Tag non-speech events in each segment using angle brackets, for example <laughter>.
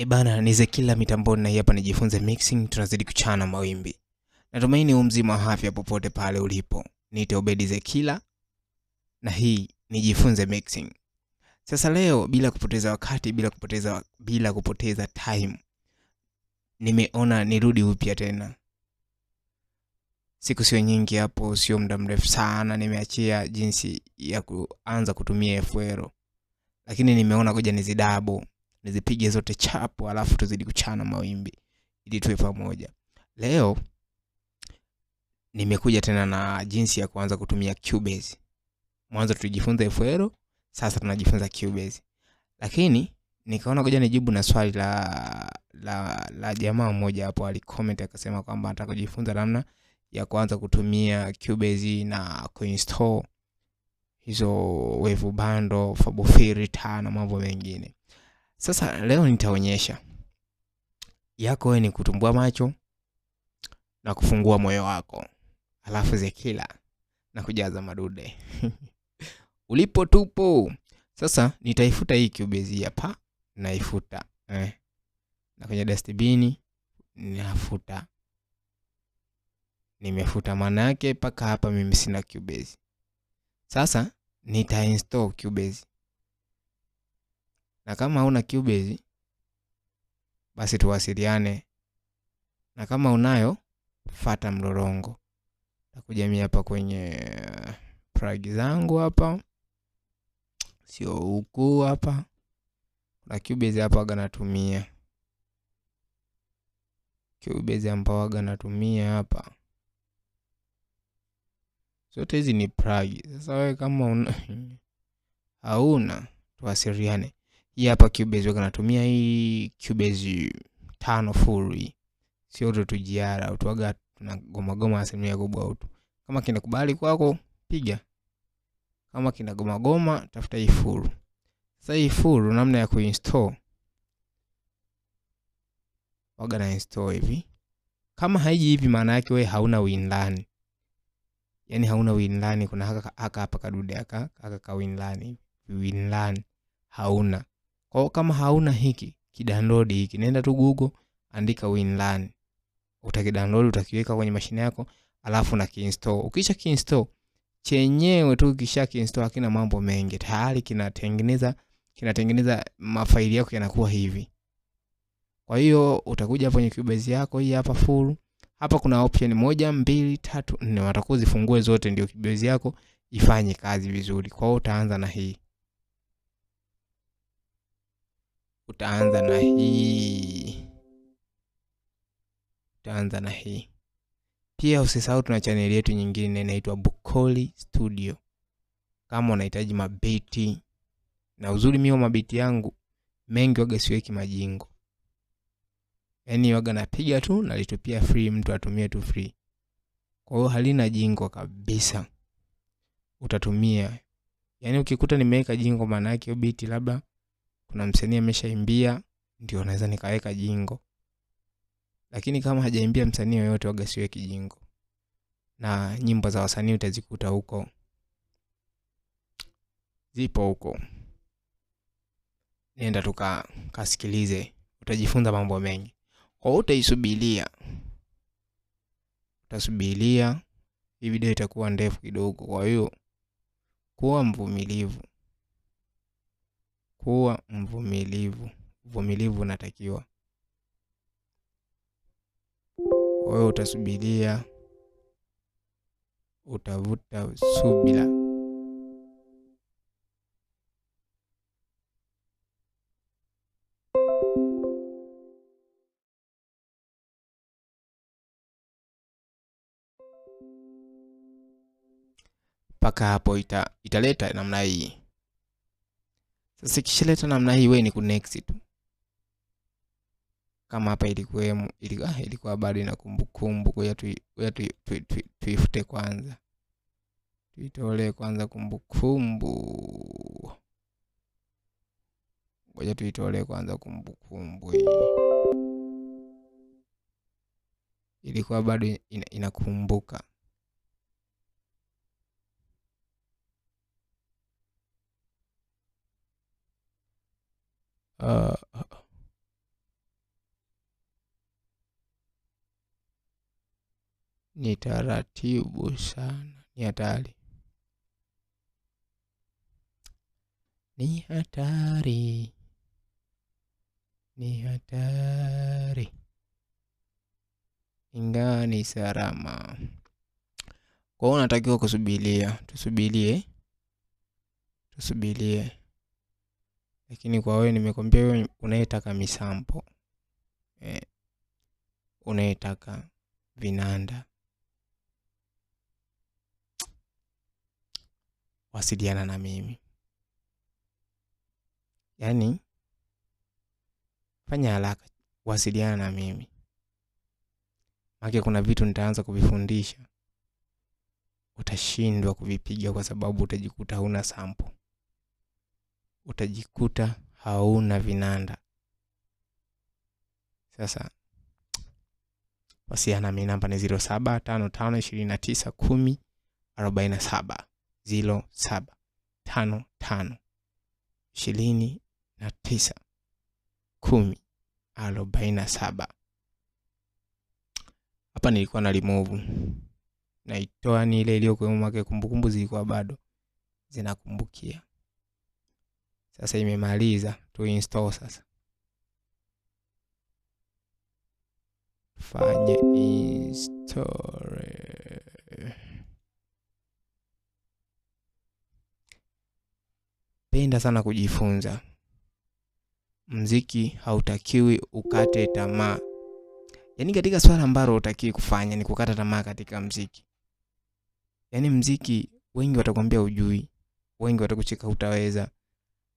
E bana, ni Zekila mitamboni na hapa nijifunze mixing, tunazidi kuchana mawimbi. Natumaini u mzima wa afya popote pale ulipo. Niite Obedi Zekila na hii nijifunze mixing. Sasa leo bila kupoteza wakati, bila kupoteza, bila kupoteza time, nimeona nirudi upya tena. Siku sio nyingi hapo, sio muda mrefu sana, nimeachia jinsi ya kuanza kutumia FL, lakini nimeona kuja nizidabu nizipige zote chapo, alafu tuzidi kuchana mawimbi ili tuwe pamoja. Leo nimekuja tena na jinsi ya kuanza kutumia Cubase. Mwanzo tulijifunza FL, sasa tunajifunza Cubase. Lakini nikaona ngoja nijibu na swali la la, la jamaa mmoja hapo alicomment akasema kwamba anataka kujifunza namna ya kuanza kutumia Cubase na kuinstall hizo wevu bando, Fabofilter na mambo mengine. Sasa leo nitaonyesha yako wewe ni kutumbua macho na kufungua moyo wako, alafu Zekila na kujaza madude <laughs> ulipo tupo. Sasa nitaifuta hii kiubezi hapa, naifuta eh, na kwenye dustbin ninafuta, nimefuta. Maana yake mpaka hapa mimi sina kiubezi. Sasa nitainstall kiubezi na kama hauna Cubase basi tuwasiliane, na kama unayo fata mlolongo. Takuja mimi hapa kwenye plug zangu hapa, sio huku hapa, na Cubase hapa waga natumia Cubase ambao waga natumia hapa zote hizi ni plug. Sasa wewe kama una <laughs> hauna, tuwasiliane. Hii hapa Cubase waka natumia hii Cubase tano full, sio tu tujiara utuaga na goma goma asilimia kubwa utu. Kama kinakubali kwako piga, kama kina goma goma tafuta hii full. Sasa hii full namna ya kuinstall waga na install hivi. Kama haiji hivi, maana yake wewe hauna winlan, yani yaani hauna winlan. Kuna haka haka hapa kadude haka haka ka winlan, winlan hauna kwa kama hauna hiki kidownload hiki, nenda tu Google, andika WinLAN, utakidownload utakiweka kwenye mashine yako, alafu na kiinstall. Ukisha kiinstall chenyewe tu, kisha kiinstall hakina mambo mengi, tayari kinatengeneza kinatengeneza mafaili yako yanakuwa hivi. Kwa hiyo utakuja kwenye Cubase yako hii hapa full. Hapa kuna option moja, mbili, tatu, nne, watakuwa zifungue zote ndio Cubase yako ifanye kazi vizuri. Kwa hiyo utaanza na hii. utaanza na hii, utaanza na hii. Pia usisahau tuna chaneli yetu nyingine inaitwa Bukoli Studio, kama unahitaji mabeti na uzuri, mimi wa mabeti yangu mengi waga siweki majingo, yaani waga napiga tu nalitupia free, mtu atumie tu free, kwa hiyo halina jingo kabisa, utatumia. Yaani ukikuta nimeweka jingo, maana yake labda kuna msanii ameshaimbia ndio naweza nikaweka jingo, lakini kama hajaimbia msanii yoyote waga siweki jingo, na nyimbo za wasanii utazikuta huko, zipo huko, nenda tuka kasikilize, utajifunza mambo mengi. Kwa hiyo utaisubiria, utasubiria hii video itakuwa ndefu kidogo, kwa hiyo kuwa mvumilivu kuwa mvumilivu. Uvumilivu unatakiwa. Kwa hiyo utasubiria, utavuta subira. Mpaka hapo ita, italeta namna hii. Sasa kishileta namna hii, wewe ni kunext tu kama hapa ilikuwemo ah, ilikuwa bado ina kumbukumbu, kwa hiyo tuifute kwanza, tuitolee kwanza kumbukumbu. Ngoja tuitolee kwanza kumbukumbu hii, ilikuwa bado inakumbuka. Uh, ni taratibu sana, ni hatari, ni hatari, ni hatari, ingawa ni salama. kwao unatakiwa kusubilia tusubilie tusubilie lakini kwa wewe nimekwambia wewe unayetaka misampo eh, unayetaka vinanda wasiliana na mimi, yaani fanya haraka, wasiliana na mimi make kuna vitu nitaanza kuvifundisha utashindwa kuvipiga kwa sababu utajikuta huna sampo utajikuta hauna vinanda. Sasa wasiana mi namba ni ziro saba tano tano ishirini na tisa kumi arobaini na saba ziro saba tano tano ishirini na tisa kumi arobaini na saba. Hapa nilikuwa na remove naitoa, ni ile iliyokuwemo mwake, kumbukumbu zilikuwa bado zinakumbukia. Sasa imemaliza tu install sasa. Fanye install. Penda sana kujifunza. Mziki hautakiwi ukate tamaa. Yaani katika swala ambalo utakiwi kufanya ni kukata tamaa katika mziki. Yaani mziki wengi watakwambia ujui, wengi watakucheka utaweza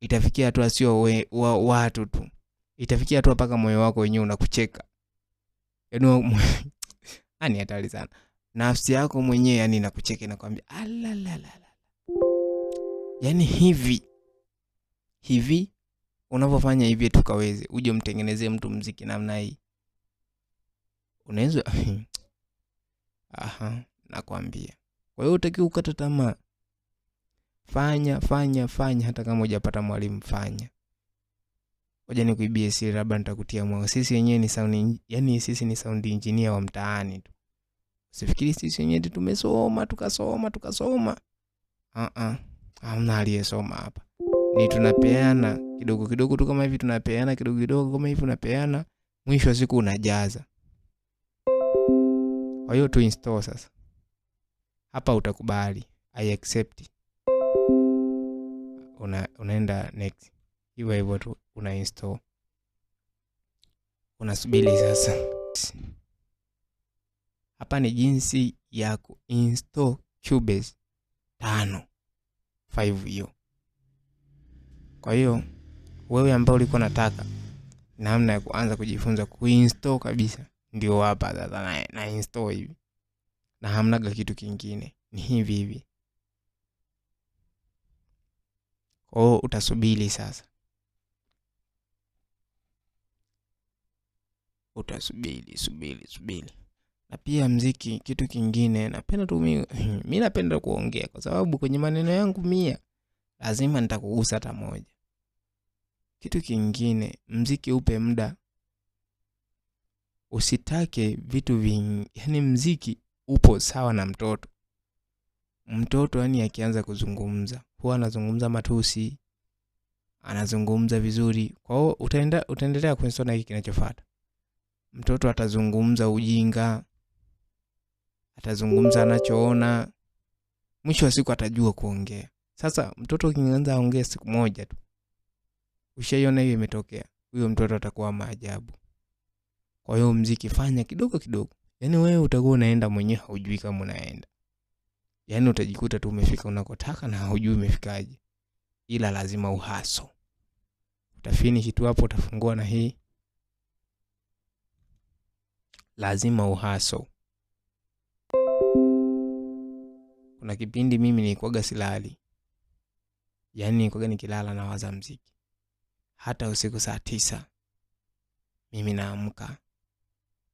itafikia hatua sio wa, watu tu, itafikia hatua mpaka moyo wako wenyewe unakucheka. yani <laughs> ani hatari sana, nafsi yako mwenyewe yani inakucheka, inakwambia alalalala, yani hivi hivi unavyofanya hivi, tukaweze uje umtengenezee mtu mziki namna hii, unaweza <laughs> aha, nakwambia. Kwa hiyo utakiwa ukata tamaa. Fanya fanya fanya, hata kama hujapata mwalimu fanya. Ngoja nikuibie siri, labda nitakutia mwao Sisi wenyewe ni sound, yani sisi ni sound engineer wa mtaani tu. Usifikiri sisi wenyewe tumesoma tukasoma tukasoma. Ah uh hamna aliyesoma hapa, ni tunapeana kidogo kidogo tu kama hivi, tunapeana kidogo kidogo kama hivi, unapeana, mwisho wa siku unajaza. Kwa hiyo tu install sasa hapa, utakubali I accept it una, unaenda next hivyo hivyo tu una install unasubiri sasa. Hapa ni jinsi ya kuinstall Cubase tano 5 hiyo. Kwa hiyo wewe ambao ulikuwa unataka namna ya kuanza kujifunza kuinstall kabisa, ndio hapa sasa na, na install hivi na hamnaga kitu kingine, ni hivi hivi o hiyo utasubiri sasa, utasubiri subiri subiri. Na pia mziki, kitu kingine napenda tu <clears throat> mi napenda kuongea, kwa sababu kwenye maneno yangu mia lazima nitakugusa hata moja. Kitu kingine mziki upe muda, usitake vitu vingi. Yani mziki upo sawa na mtoto, Mtoto yani akianza kuzungumza huwa anazungumza matusi, anazungumza vizuri. Kwa hiyo utaenda utaendelea kunisoma hiki kinachofuata. Mtoto atazungumza ujinga, atazungumza anachoona, mwisho wa siku atajua kuongea. Sasa mtoto ukianza aongee siku moja tu, ushaiona hiyo imetokea, huyo mtoto atakuwa maajabu. Kwa hiyo mziki fanya kidogo kidogo, yaani wewe utakuwa unaenda mwenyewe haujui kama unaenda yaani utajikuta tu umefika unakotaka na hujui umefikaje, ila lazima uhaso utafinish tu hapo, utafungua na hii lazima uhaso. Kuna kipindi mimi nikwaga silali, yaani nikwaga nikilala na waza mziki hata usiku saa tisa mimi naamka,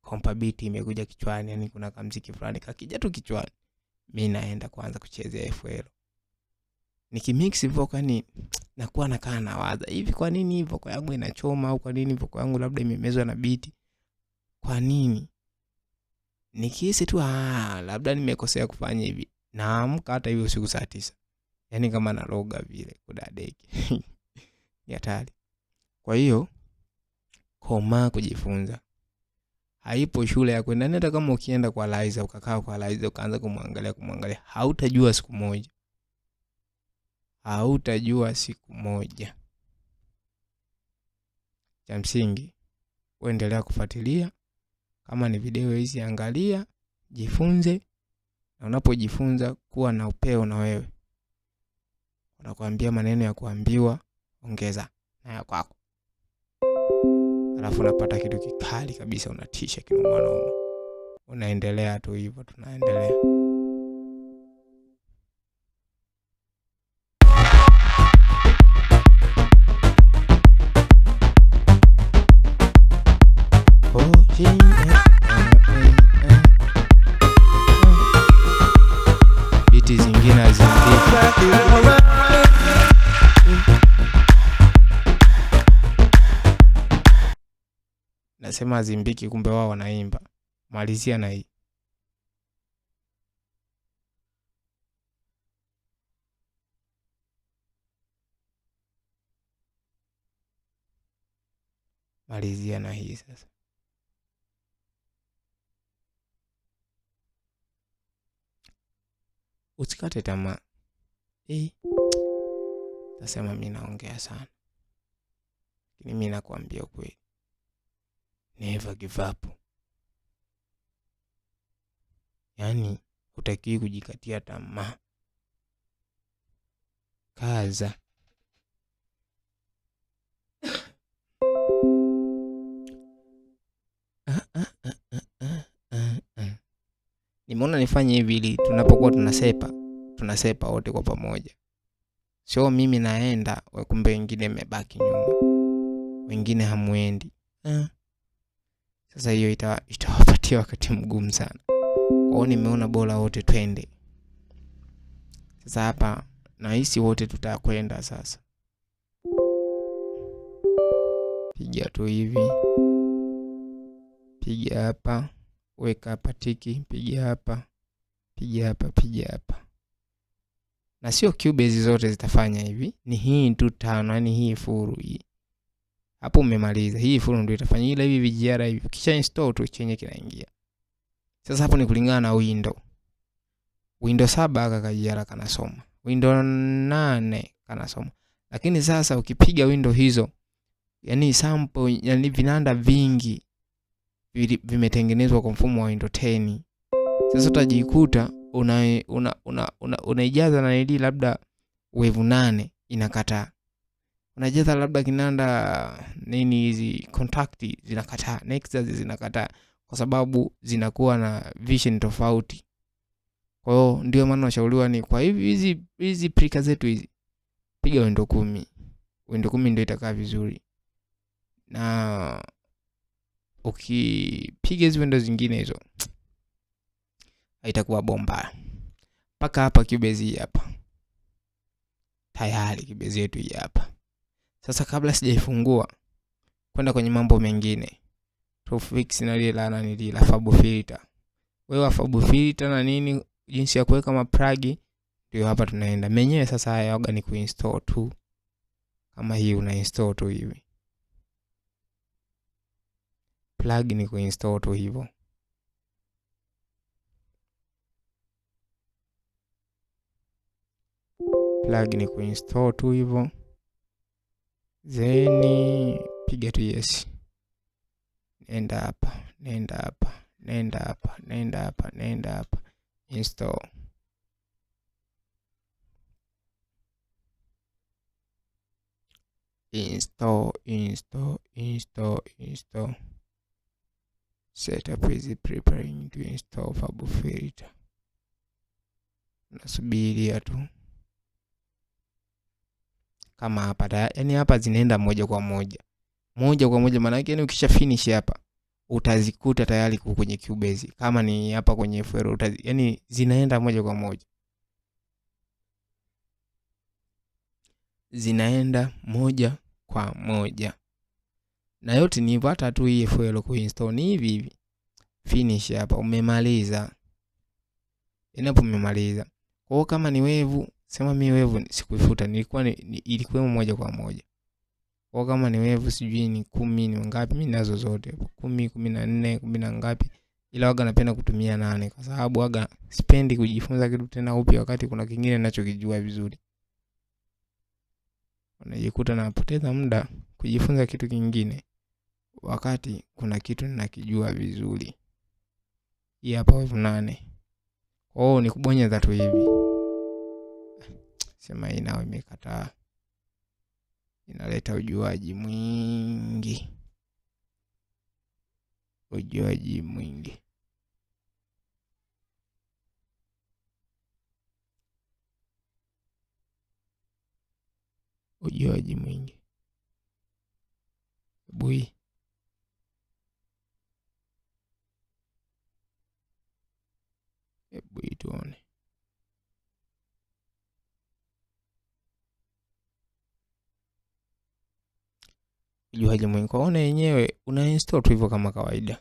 kompa biti imekuja kichwani, yani kuna kamziki fulani kakija tu kichwani mi naenda kuanza kuchezea FL. Nikimix vocal ni nakuwa nakaa nawaza hivi, kwa nini vocal yangu inachoma, au kwa nini vocal yangu labda imemezwa na biti kwa nini? Nikihisi tu ah, labda nimekosea kufanya hivi, naamka hata hivyo siku saa tisa, yaani kama naloga vile kudadeki <laughs> hatari. Kwa hiyo komaa kujifunza haipo shule ya kwenda. Hata kama ukienda kwa Laiza ukakaa kwa Laiza ukaanza kumwangalia kumwangalia, hautajua siku moja, hautajua siku moja. Cha msingi uendelea kufuatilia, kama ni video hizi angalia, jifunze, na unapojifunza kuwa na upeo na wewe. Unakwambia maneno ya kuambiwa, ongeza na ya kwako alafu unapata kitu kikali kabisa, unatisha kinomanoma. Unaendelea tu hivyo, tunaendelea anasema azimbiki kumbe wao wanaimba. Malizia na hii malizia na hii sasa. Usikate tamaa. Eh, nasema mi naongea sana, lakini mi nakwambia ukweli never give up. Yaani hutakiwi kujikatia tamaa, kaza. Nimeona nifanye hivi ili tunapokuwa tunasepa tunasepa wote kwa pamoja, sio mimi naenda, kumbe wengine mmebaki nyuma, wengine hamwendi eh. Sasa hiyo itawapatia wakati mgumu sana kwao. Nimeona bora wote twende sasa. Hapa nahisi wote tutakwenda sasa, piga tu hivi, piga hapa, weka hapa tiki, piga hapa, piga hapa, piga hapa na sio Cubase zote zitafanya hivi, ni hii tu tano, yani hii furu hii hapo umemaliza Hii full ndio itafanya ila hivi vijr hivi, kisha install tu chenye kinaingia. Sasa hapo ni kulingana na window. Window saba kakajr kanasoma, window nane kanasoma, lakini sasa ukipiga window hizo, yani sample, yani vinanda vingi vimetengenezwa kwa mfumo wa window 10. Sasa utajikuta unaijaza una, una, una, una na nili labda wevu nane inakataa unajeza labda kinanda nini, hizi kontakti zinakataa, nexus zinakataa kwa sababu zinakuwa na vision tofauti. Kwa hiyo ndio maana unashauriwa ni kwa hivi hizi hizi prika zetu hizi, piga wendo kumi. Wendo kumi ndio itakaa vizuri, na ukipiga hizi wendo zingine hizo itakuwa bomba. Mpaka hapa kibezi hapa tayari, kibezi yetu hii hapa. Sasa kabla sijaifungua kwenda kwenye mambo mengine, tufix na lile lana ni lile fabu filter. Wewe fabu filter na nini, jinsi ya kuweka maplug, ndio hapa tunaenda menyewe. Sasa haya yoga ni kuinstall tu, kama hii una install tu hivi plug ni kuinstall tu hivyo. plug ni kuinstall tu hivyo zeni, piga tu yes. Nenda hapa, nenda hapa, nenda hapa, nenda hapa, nenda hapa, install install install install install setup is preparing to install Fab Filter. Nasubiria tu kama hapa. Yani hapa zinaenda moja kwa moja moja kwa moja, maana yake yani ukisha finish hapa utazikuta tayari kwa kwenye Cubase. Kama ni hapa kwenye FL utazi, yani zinaenda moja kwa moja zinaenda moja kwa moja na yote ni hivyo. Hata tu hii FL kuinstall ni hivi hivi, finish hapa, umemaliza. Inapo umemaliza kwa kama ni wevu Sema mi wevu sikuifuta, nilikuwa ni, ni, ilikuwemo moja kwa moja kwa kama ni wevu sijui ni kumi ni ngapi, mi nazo zote kumi, kumi na nne, kumi na ngapi, ila waga napenda kutumia nane kwa sababu waga spendi kujifunza kitu tena upya wakati kuna kingine nachokijua vizuri. Unajikuta napoteza muda kujifunza kitu kingine wakati kuna kitu ninakijua vizuri. Hii hapa wevu nane. Oh, ni kubonyeza tu hivi sema hii nao imekataa, inaleta ujuaji mwingi, ujuaji mwingi. ujuaji mwingi bui bui, tuone. Juaje Kwa ona yenyewe, una install tu hivyo kama kawaida,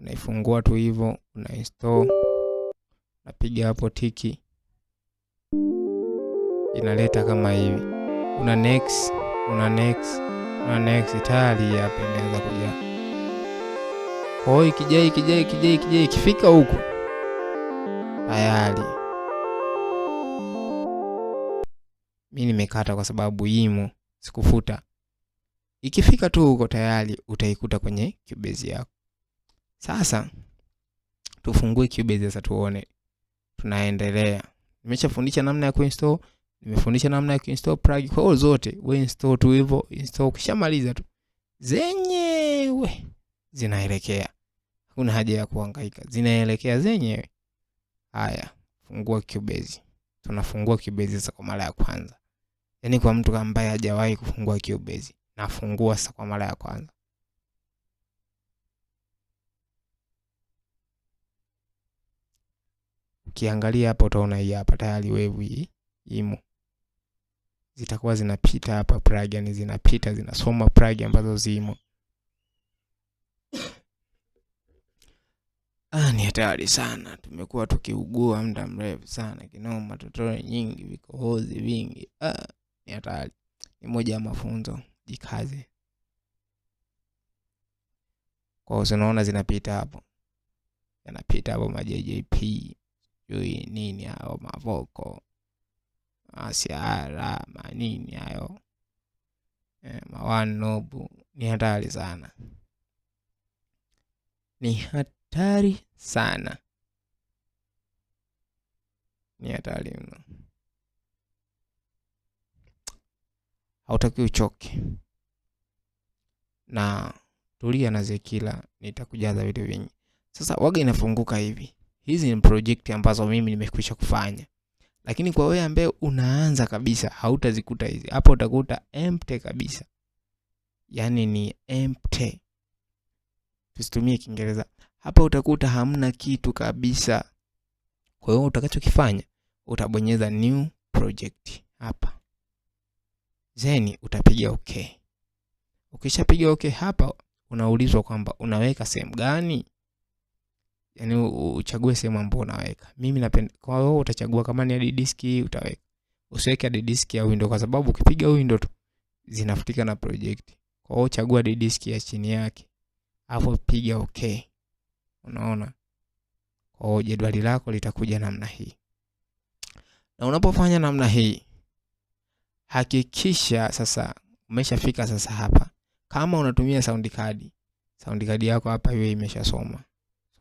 unaifungua tu hivyo, una install, Napiga hapo tiki, inaleta kama hivi, una next, una next, una next, tayari hapa inaanza kuja. Kwa hiyo ikija ikija ikija ikija ikifika huku tayari mi nimekata, kwa sababu yimo sikufuta. Ikifika tu huko tayari utaikuta kwenye Cubase yako. Sasa tufungue Cubase sasa tuone. Tunaendelea. Nimeshafundisha namna ya kuinstall, nimefundisha namna ya kuinstall plug kwa hiyo zote. We install tu hivyo, install ukishamaliza tu zenyewe zinaelekea. Hakuna haja ya kuhangaika. Zinaelekea zenyewe. Haya, fungua Cubase. Tunafungua Cubase sasa kwa mara ya kwanza. Yaani kwa mtu ambaye hajawahi kufungua Cubase nafungua sasa kwa mara ya kwanza. Ukiangalia hapa utaona hii hapa tayari wevu hii imo, zitakuwa zinapita hapa plug, yani zinapita zinasoma plug ambazo zimo. <coughs> Ah, ni hatari sana, tumekuwa tukiugua muda mrefu sana kinoma, totoro nyingi, vikohozi vingi. Ah, ni hatari, ni moja ya mafunzo jikaze. Kwa hiyo unaona zinapita hapo, yanapita hapo majjp sijui nini hayo mavoko asiara manini hayo e, eh, mawanobu. Ni hatari sana, ni hatari sana, ni hatari mno. hautaki uchoke, na tulia na Zekila, nitakujaza vitu vingi. Sasa waga inafunguka hivi. Hizi ni project ambazo mimi nimekwisha kufanya, lakini kwa wewe ambaye unaanza kabisa hautazikuta hizi hapa, utakuta empty kabisa, yaani ni empty. Tusitumie Kiingereza hapa, utakuta hamna kitu kabisa. Kwa hiyo utakachokifanya utabonyeza new project hapa then utapiga okay. Ukishapiga okay hapa unaulizwa kwamba unaweka sehemu gani? Yaani uchague sehemu ambayo unaweka. Mimi napenda kwa hiyo utachagua kama ni hard disk utaweka. Usiweke hard disk ya window kwa sababu ukipiga window tu zinafutika na project. Kwa hiyo chagua hard disk ya chini yake. Hapo piga okay. Unaona? Kwa hiyo jedwali lako litakuja namna hii. Na unapofanya namna hii hakikisha sasa umeshafika sasa hapa. Kama unatumia sound card, sound card yako hapa iwe imeshasoma.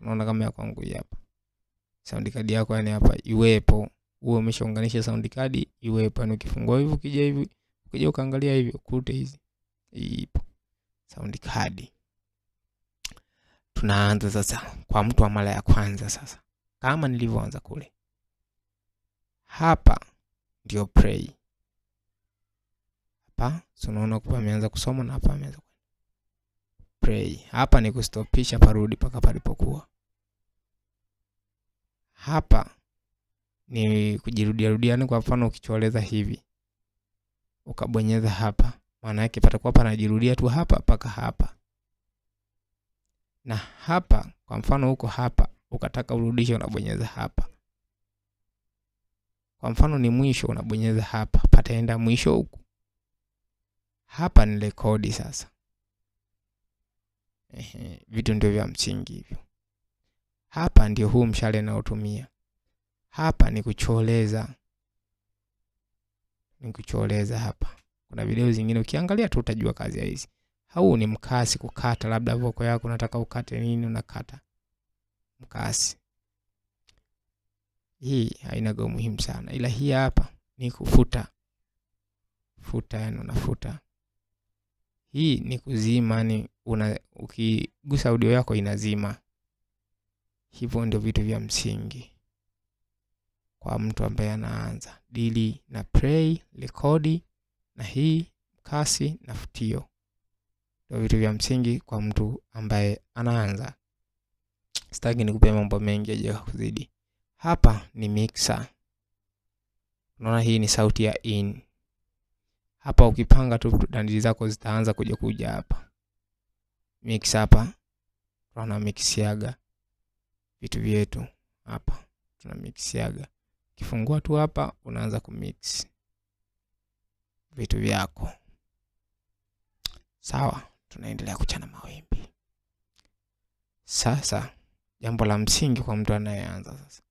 Unaona kama ya kwangu hapa. Sound card yako yani hapa iwepo. Uwe umeshaunganisha sound card iwepo. Yani ukifungua hivi ukija hivi ukija ukaangalia hivi ukute hizi. Ipo. Sound card. Tunaanza sasa kwa mtu wa mara ya kwanza sasa. Kama nilivyoanza kule. Hapa ndio play hapa, tunaona hapa ameanza kusoma na hapa ameanza pray. Hapa ni kustopisha, parudi paka palipokuwa. Hapa ni kujirudia rudiani, yaani kwa mfano ukicholeza hivi ukabonyeza hapa, maana yake patakuwa panajirudia tu hapa paka hapa na hapa. Kwa mfano huko hapa ukataka urudishe, unabonyeza hapa. Kwa mfano ni mwisho, unabonyeza hapa, pataenda mwisho huku hapa ni rekodi sasa. Ehe, vitu ndio vya msingi hivyo. Hapa ndio huu mshale naotumia. Hapa ni kucholeza, ni kucholeza hapa. Kuna video zingine ukiangalia tu utajua kazi ya hizi. Hau ni mkasi, kukata labda voko yako unataka ukate nini, unakata mkasi. Hii hainaga muhimu sana, ila hii hapa ni kufuta futa, yani unafuta hii ni kuzima, ni una, ukigusa audio yako inazima. Hivyo ndio vitu vya msingi kwa mtu ambaye anaanza dili na play, rekodi na hii kasi na futio, ndio vitu vya msingi kwa mtu ambaye anaanza. Sitaki nikupe mambo mengi aje kuzidi. Hapa ni mixer, unaona hii ni sauti ya in hapa ukipanga tu dandili zako zitaanza kuja kuja hapa. Mix hapa tuna mixiaga vitu vyetu hapa, tuna mixiaga. kifungua tu hapa unaanza kumix vitu vyako. Sawa, tunaendelea kuchana mawimbi. Sasa jambo la msingi kwa mtu anayeanza sasa,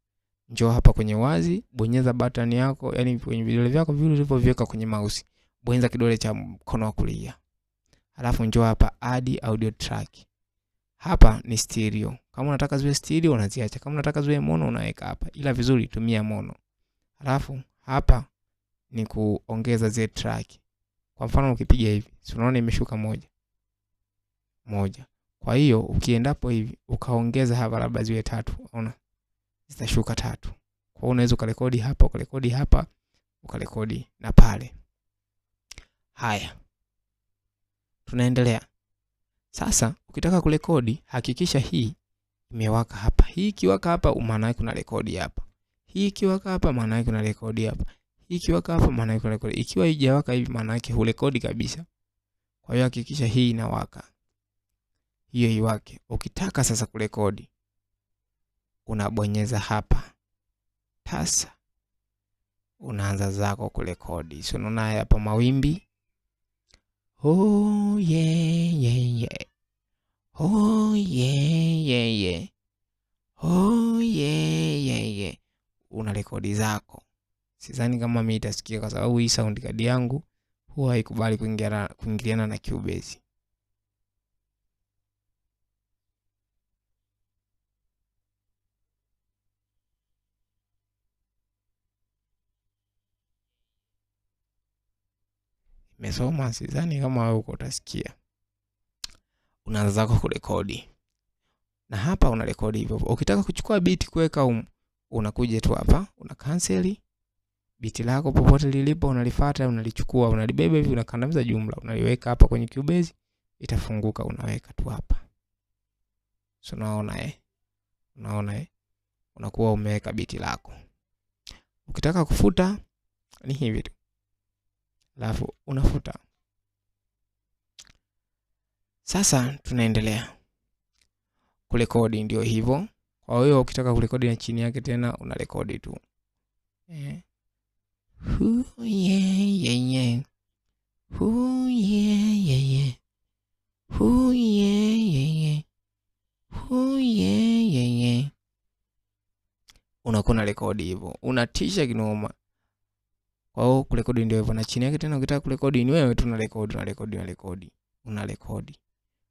njoo hapa kwenye wazi, bonyeza button yako, yani kwenye vidole vyako vile ulivyoviweka kwenye mouse bonyeza kidole cha mkono wa kulia, alafu njoo hapa add audio track. Hapa ni stereo. Kama unataka ziwe stereo unaziacha, kama unataka ziwe mono unaweka hapa, ila vizuri tumia mono. Alafu hapa ni kuongeza zile track. Kwa mfano ukipiga hivi, si unaona imeshuka moja moja. Kwa hiyo ukiendapo hivi ukaongeza hapa, labda ziwe tatu, unaona zitashuka tatu. Kwa hiyo unaweza ukarekodi hapa ukarekodi hapa ukarekodi na pale. Haya, tunaendelea sasa. Ukitaka kurekodi, hakikisha hii imewaka hapa. Hii ikiwaka hapa, maana yake una rekodi hapa. Hii ikiwaka hapa, maana yake una rekodi hapa. Hii ikiwaka hapa, maana yake una rekodi. Ikiwa haijawaka hivi, maana yake hurekodi kabisa. Kwa hiyo hakikisha hii inawaka, hiyo iwake. Ukitaka sasa kurekodi, unabonyeza hapa tasa unaanza zako kurekodi. Si unaona hapa mawimbi Oh yeah yeah yeah. Oh yeah yeah yeah. Oh yeah yeah yeah. Una rekodi zako. Sidhani kama mimi itasikia kwa sababu hii sound card yangu huwa haikubali kuingiliana na Cubase. nimesoma, sizani kama wewe uko utasikia. Unaanza zako kurekodi, na hapa una rekodi hivyo. Ukitaka kuchukua beat kuweka um, unakuja tu hapa una cancel beat lako popote lilipo, unalifuata unalichukua, unalibeba hivi, unakandamiza jumla, unaliweka hapa kwenye Cubase, itafunguka, unaweka tu hapa. So unaona eh, unaona eh, unakuwa umeweka beat lako. Ukitaka kufuta ni hivi tu alafu unafuta. Sasa tunaendelea kurekodi, ndio hivyo. Kwa hiyo ukitaka kurekodi na chini yake tena unarekodi tu yeah. Hu, yeah, yeah, yeah. Hu, Hu, Hu, yeah, yeah, yeah. Unakuwa na rekodi hivyo, unatisha kinoma. Kwa hiyo kurekodi ndio hivyo, na chini yake tena ukitaka kurekodi ni wewe tu unarekodi, unarekodi, unarekodi, unarekodi.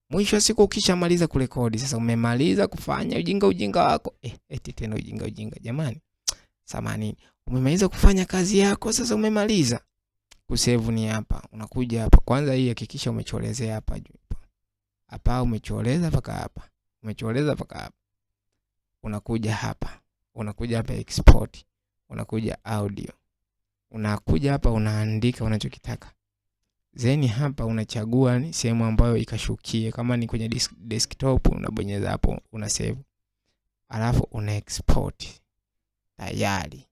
Mwisho wa siku ukishamaliza kurekodi, sasa umemaliza kufanya ujinga ujinga wako eh, eti tena ujinga ujinga, jamani, samani, umemaliza kufanya kazi yako, sasa umemaliza kusevu ni hapa, unakuja hapa kwanza. Hii hakikisha umecholezea hapa juu hapa, umecholeza paka hapa, umecholeza paka hapa, unakuja hapa, unakuja hapa export, unakuja audio unakuja hapa unaandika unachokitaka zeni hapa unachagua ni sehemu ambayo ikashukie, kama ni kwenye disk, desktop unabonyeza hapo una save, alafu una export tayari,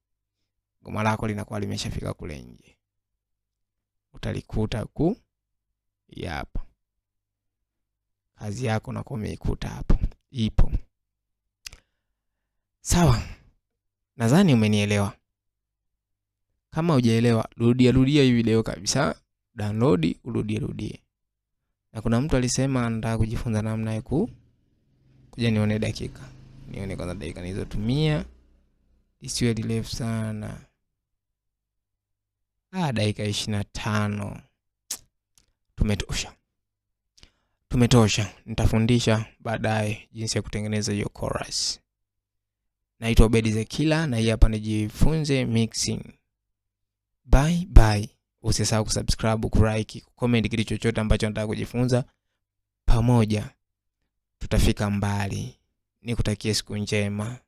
goma lako linakuwa limeshafika kule nje, utalikuta ku hapa, kazi yako unakuwa umeikuta hapo, ipo sawa. Nadhani umenielewa. Kama hujaelewa, rudia rudia hii video kabisa, download urudie rudie. Na kuna mtu alisema anataka kujifunza namna ya ku kuja, nione dakika, nione kwanza dakika nilizotumia isiwe lirefu sana. Ah, dakika ishirini na tano tumetosha, tumetosha. Nitafundisha baadaye jinsi ya kutengeneza hiyo chorus. Naitwa bedi Zekila na hii hapa nijifunze mixing. Bye bye. Usisahau kusubscribe, kulike, kucomment kitu chochote ambacho nataka kujifunza. Pamoja tutafika mbali. Nikutakie siku njema.